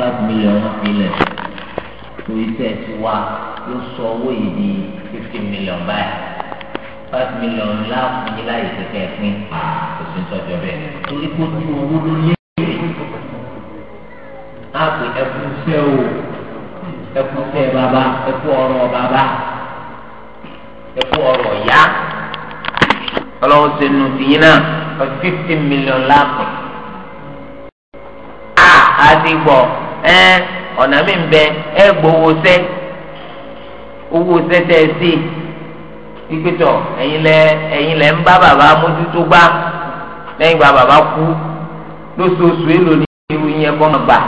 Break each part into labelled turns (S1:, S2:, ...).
S1: five million wọn fi lẹ̀ tó iṣẹ́ ti wá ló sọ owó yìí di fifteen million báyìí five million láàfin yìí láyè kẹkẹ pín kò sí tọjọ bẹ́ẹ̀ torí kó tí owó ló lé á pè ẹkún fẹ́ o ẹkún fẹ́ bàbá ẹkún ọ̀rọ̀ bàbá ẹkún ọ̀rọ̀ yá ọlọ́run ṣe nù tìyín náà fifteen million láàpin á á ti gbọ́ ẹ ọ̀nà mi ń bẹ ẹ gbowó sẹ́ owó sẹ́ tẹ́ ẹ sí pípẹ́tọ̀ ẹ̀yin lẹ ẹ̀yin lẹ ń bá bàbá mójútó gbá lẹ́yìn gba bàbá kú lóṣooṣù èlò ní irú yẹn kọ́ máa gbà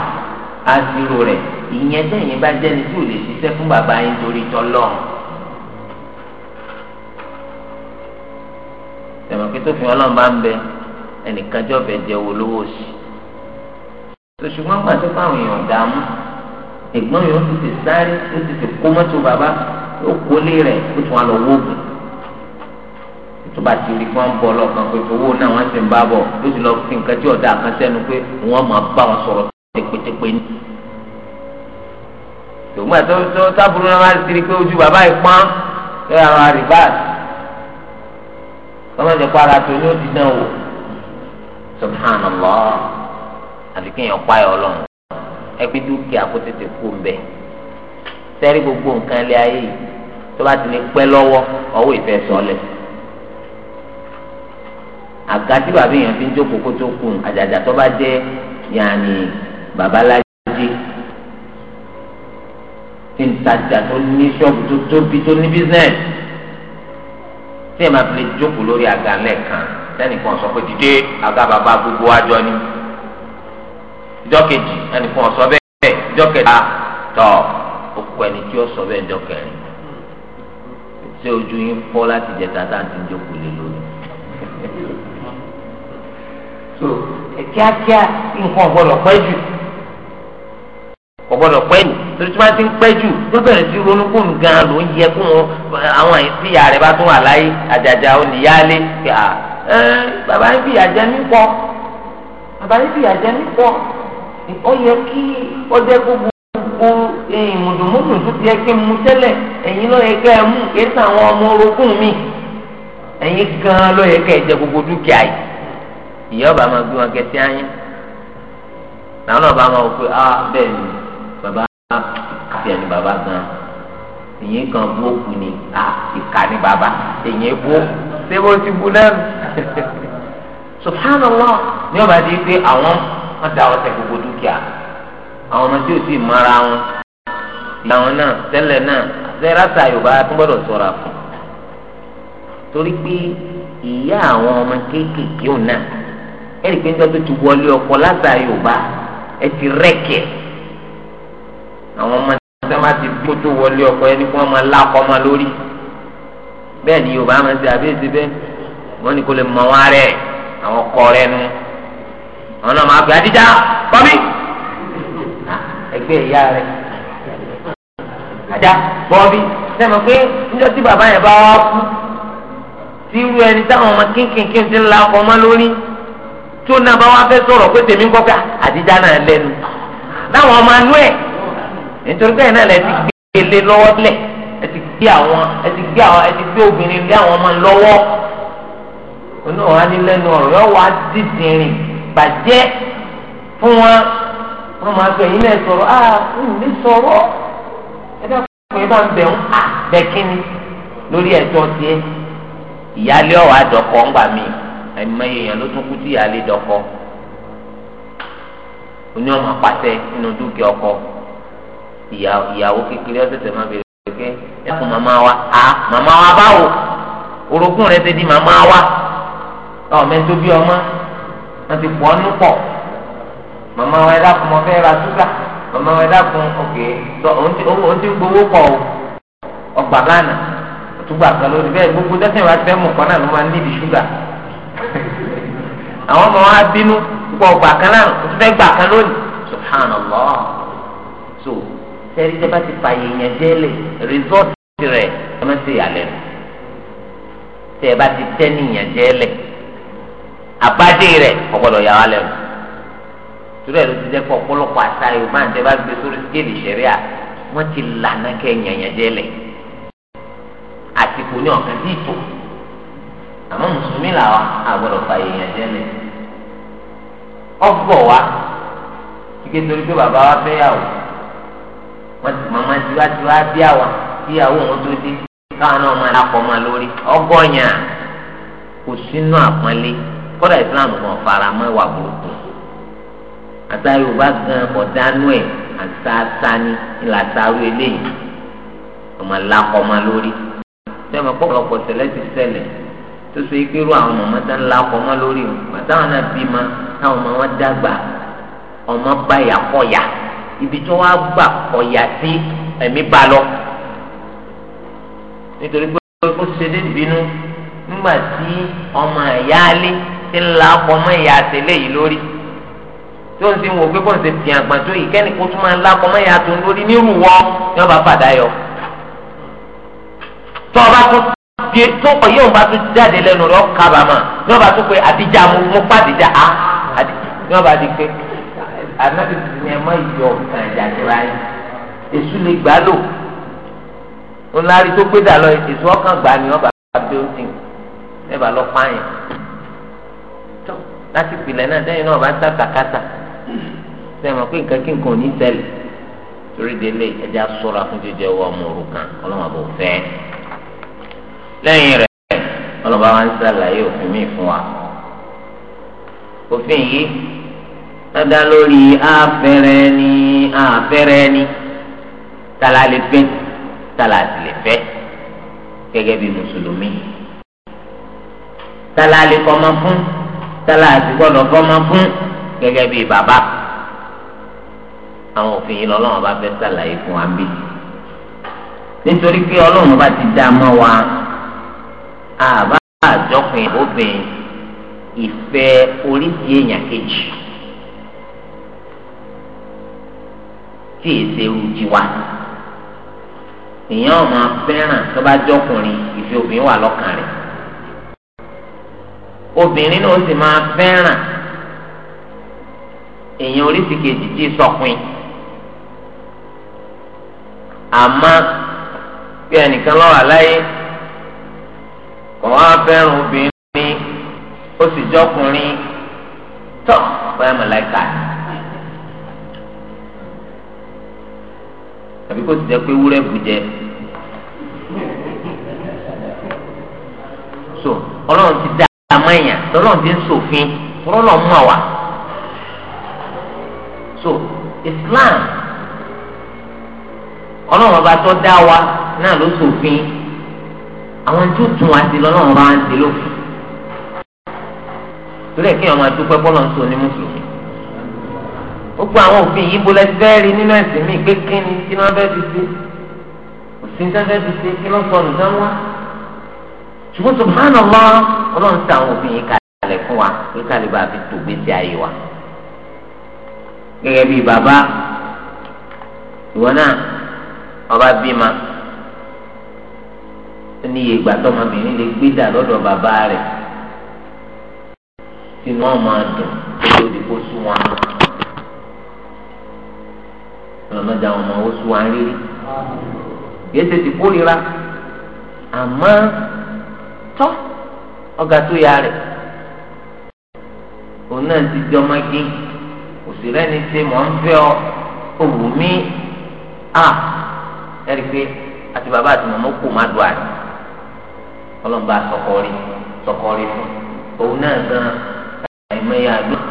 S1: á sí irú rẹ̀ ìyẹn tẹ̀yìn bá jẹ́ni tí ò lè ṣiṣẹ́ fún bàbá yín torí tọ́lọ́ tẹ̀mọ̀ pé tó fi bá ń bẹ ẹnìkan jọ́ fẹ́ owó lówó sí i sòṣùgbọ́n gbà tó fáwọn èèyàn dààmú ẹ̀gbọ́n yìí ó ti ti sáré ó ti ti kó mọ́tò bàbá ó kólé rẹ̀ ó tún á lọ wóògùn tóba ti rí kán bọ lọkàn pé owó náà wọn ti ń bá bọ ló ti lọ fi nǹkan tí ọ̀dà kan sẹ́nu pé wọ́n máa bá wọn sọ̀rọ̀ tẹpẹtẹpẹ ní. tòmọ́ tó tó sábúrú náà máa ti rí pé ojú bàbá yìí pọ́n ẹ àwọn àríbáàsì wọ́n máa jẹ́ pé ara tó ní ó ti dán o subhanallah àfi kéèyàn páyà ọlọ́run ẹgbẹ́ dúkìá kó tètè kú ń bẹ̀ sẹ́rí gbogbo nǹkan lé ayé yìí tó bá ti lè pẹ́ lọ́wọ́ ọwọ́ ìfẹ́ sọlẹ̀ àga tí bàbá èèyàn fi ń jókòó kó tó kù àjàjà tó bá jẹ́ yàní babalájí tí ń tajà tó ní ṣọ́ọ̀bù tó tóbi tó ní bísínẹ́sì tí ẹ̀ máa fi lè jókòó lórí àga lẹ́ẹ̀kan lẹ́nìkan sọ pé dìde àga bàbá gbogbo àjọ ni ìjọ kejì ẹnìkan ọ̀sọ́ bẹ́ẹ̀ ìjọ kẹta tọ̀ òkú ẹni tí ó sọ bẹ́ẹ̀ ìjọ kẹrin ṣé ojú yín fọ́ láti jẹ tata àti ìjókòó lé lórí. so kíákíá nǹkan gbọ́dọ̀ pẹ́ jù kò gbọ́dọ̀ pẹ́ jù torí tí wọ́n ti ń pẹ́ jù tó bẹ̀rẹ̀ sí ronú kó nǹkan ló ń yẹ kó àwọn ìyá rẹ̀ bá tún wà láyé àjàjà oníyálé pé à ẹ bàbá yín fìyà jẹ mí pọ̀ bàbá yín fìyà jẹ mí pọ̀ ó yẹ kí ó jẹ́ gbogbo gbogbo eh, mùdùmùdù tó ti yẹ kí n mu tẹ́lẹ̀ ẹ̀yin ló yẹ kẹ́ ẹ mú kí ẹ̀sán àwọn ọmọ orogún mi ẹ̀yin gan ló yẹ kẹ́ ẹ jẹ gbogbo dúkìá yìí ìyá ọba máa gbé wọn kẹsí ayín làwọn ọba máa wò pé ah bẹ́ẹ̀ ni bàbá kàfí ẹni bàbá gan ẹ̀yin gan bú òkú ni ah ìka ni bàbá ẹ̀yin bú ṣé bó ti bú náà subhanallah ni ọba di pé àwọn wọ́n da ọ̀tẹ̀ gbogbo dúkìá àwọn ọmọ tí ò sì mara wọn làwọn náà tẹ́lẹ̀ náà zẹ́rátà yorùbá tún gbọ́dọ̀ sọ̀rọ̀ fún torí pé ìyá àwọn ọmọ kéékèèké ò náà ẹnì pé níjọ́ tó ti wọlé ọkọ látà yorùbá ẹ ti rẹ́kẹ̀ àwọn ọmọ tẹ́ máa ti kó tó wọlé ọkọ ẹni kí wọ́n máa lákọ́ ọmọ lórí bẹ́ẹ̀ ni yorùbá máa ń ṣe àbẹ́sẹ̀ bẹ́ẹ̀ wọ́n ní kó lè mọ wọn rẹ̀ àwọn ọkọ rẹ̀ nù wọn náà máa gbé adíjà kọ́mí ẹgbẹ́ ìyá rẹ̀ ajá bọ́ọ̀bí sẹ́mi pé níjọ́ tí bàbá yẹn bá wá kú tí irú ẹni táwọn ọmọ kínkínkín ti ń la ọkọ̀ ọmọ lórí tó náà bá wá fẹ́ sọ̀rọ̀ pé tèmi ń kọ́ pé adíjà náà lẹ́nu láwọn ọmọ anú ẹ̀ nítorí pé ẹ̀ náà lẹ́ ti gbé e lọ́wọ́ lẹ̀ ẹ ti gbé àwọn ẹ ti gbé àwọn ẹ ti gbé obìnrin lé àwọn ọmọ lọ́wọ́ onú ọ̀hánilẹ́nu ọ̀rọ̀ yọ wá bàjẹ́ fún wọn wọn máa sọ èyí náà sọ̀rọ̀ ah mi sọ̀rọ̀ ẹ bá kọ́ ẹ bá ń bẹ̀ ń à ah, bẹ́ kínní lórí ẹ̀tọ́ tiẹ̀ ìyáálé ọ̀wà dọ̀kọ̀ ńgbà mí ẹ̀mọ èèyàn ló tún kú sí ìyáálé dọ̀kọ̀ oní ọmọ pàṣẹ nínú dúkìá ọkọ ìyàwó kékeré ọ̀sẹ̀sẹ̀ máa bèrè pé ẹkùn màmá wa à màmá wa báwo orogún rẹ ti di màmá wa ọ̀ mẹ́tò bí ọmọ wọ́n ti pọ̀ ọ́nú pọ̀ màmá wa ẹ̀dá kun mo fẹ́ ra ṣúgà màmá wa ẹ̀dá kun òkè tó òun ti ń gbowó pọ̀ o ọgbà gánà òtúgbà kan lórí bẹ́ẹ̀ gbogbo dẹ́sẹ̀ wa ti fẹ́ mú kan ló máa ń níbi ṣúgà àwọn ọmọ wa bínú pọ̀ ọgbà kan náà ó ti fẹ́ gbà kan lónìí subhanallah so sẹ́rí tẹ́ bá ti fààyè yẹn délé rìsọ́ọ̀tì rẹ̀ ọmọ sí ìyàlẹ́nu tẹ́ bá ti tẹ́ níyàn àbádé rẹ̀ ọgbọdọ yà wá lẹ́nu torí ti jẹ́ pé asaa àṣà yorùbá ń tẹ́ bá gbé sórí skéèlì sẹ́ríà ti lànà kẹ́ yànyànjẹ́ lẹ̀ àsìkò ní ọ̀kan sí ìtò àmọ́ mùsùlùmí làwa àgbọ̀dọ̀ fà yànyànjẹ́ wa torí pé bàbá wa yà wò ti tiwa tiwa bí wọn tó kódà islam kan fara mọ́ ìwà burúkú àtà yorùbá gan ọ̀dánú ẹ̀ àtàtàní ìlàtàrú eléyìí ọmọ làkọ̀ ọmọ lórí sẹ́mi ọ̀pọ̀lọpọ̀ tẹ̀lẹ́ ti ṣẹlẹ̀ tó so yìí kérò àwọn ọmọ tá ń làkọ̀ lórí o bàtàwọn náà bí ma táwọn ọmọ wọn dàgbà ọmọ báyà kọ̀yà ibi tí wọ́n á gbà kọ̀yà sí ẹ̀mí ba lọ nítorí pé ó ṣe dé bínú nígbà tí ọmọ ẹ̀yá alé ti ń la ọkọ mọ ìyá àtẹlẹ yìí lórí tó ń sin wò pé kò ń ṣe fìyàn àgbà tó yìí kẹ́ni kó tún máa la ọkọ mọ ìyá àtẹlẹ lórí nírú wọ ni wọn bá fàdá yọ. tó o bá tún di tó o yóò bá tún jáde lẹ́nu rẹ̀ ọ̀ka bàmà ni wọn bá tún pé àdìjà mo mo pa àdìjà á ni wọn bá di pé ànábì ti ní ẹ má yọ ọ̀kan ìjà jìra yín èṣù lè gbá lò ńlárí tó gbé dà lọ èṣù ọkàn gbà ni wọn bá bá bí ó ń sìn ẹ bá lọ pààyàn láti pìlẹ̀ náà sẹ́yìn náà bá ń sàkàkàtà sẹ́yìn mọ̀ pé nǹkan kí nǹkan ò ní ṣẹlẹ̀ torí délé ẹja ṣọ́ra fún jíjẹ owó ọmọ òrukàn ọlọ́mọ bò fẹ́. lẹ́yìn rẹ̀ ọlọ́mọ wa ń ṣàlàyé òfin mi fún wa. òfin yìí dá lórí àfẹ́rẹ́ ni àfẹ́rẹ́ ni tala lè fẹ́ tala sì lè fẹ́ gẹ́gẹ́ bí mùsùlùmí tala lè kọ́ ọmọ fún. Tala àti gbọ́dọ̀ fọ́mọ fún gẹ́gẹ́ bíi bàbá àwọn òfin yìí lọ́lọ́run bá fẹ́ sàlàyé fún wa bí nítorí pé ọlọ́run bá ti dá mọ́ wa àbá àjọpin obìnrin ìfẹ́ oríṣi èèyàn kejì tí èsè rújì wa èèyàn ọmọ fẹ́ràn tó bá jọkùnrin ìfẹ́ obìnrin wà lọ́kàn rẹ̀ obìnrin náà sì máa fẹ́ràn èèyàn oríṣi kejì tí sọpin àmọ́ bí ẹnìkan lọ́wọ́ aláyé kò wá fẹ́ràn obìnrin ó sì jọkùnrin tọ́ báyà mọ̀láìka àbí kò sì jẹ́ pé wúrẹ́ bùjẹ́ so ọlọ́run ti dá èèyàn lọ́lọ́run ti ń ṣòfin rọ́lọ́ mọ̀ wá. so Islam ọlọ́run ọba tó dá wa náà ló ṣòfin àwọn tó tún wá sí lọ́lọ́run bá ń ṣe lófin. torí ẹ̀ kí ọmọ adúpẹ́ bọ́lọ̀ ń sọ ní mùsùlùmí gbogbo àwọn òfin yìí bolẹ̀ fẹ́ẹ́ nínú ẹ̀sìn mi pé kí ni kí ni wọ́n fẹ́ fi ṣe òsì ń tẹ́ fẹ́ fi ṣe kí ló sọnù sáwọn ṣùgbọ́n subhanallah ọlọ́run ti àwọn òfin yìí kalẹ̀ fún wa pé kalẹ̀ bá fi tó gbèsè ayé wa. gẹ́gẹ́ bíi bàbá ìwọ náà ọba bímọ ó ní iye ìgbà tọmọbìnrin lè gbé dà lọ́dọ̀ bàbá rẹ̀ tí wọ́n máa dùn tó di kó sún wọn. ọlọ́mọdé àwọn ọmọ ó sún wọn rírí yéé ṣe ti kórira àmọ́ tọ́ ọ̀gá tó ya rẹ̀ òun náà ti di ọmọge òsèré ni ṣe mọ̀ ń fẹ́ ọ òwú mi à ẹ̀rí pé àti bàbá àti màmá kò má do àná ọlọ́mọba sọkọ rí sọkọ rí fún òun náà gan àìmọye àdúrà.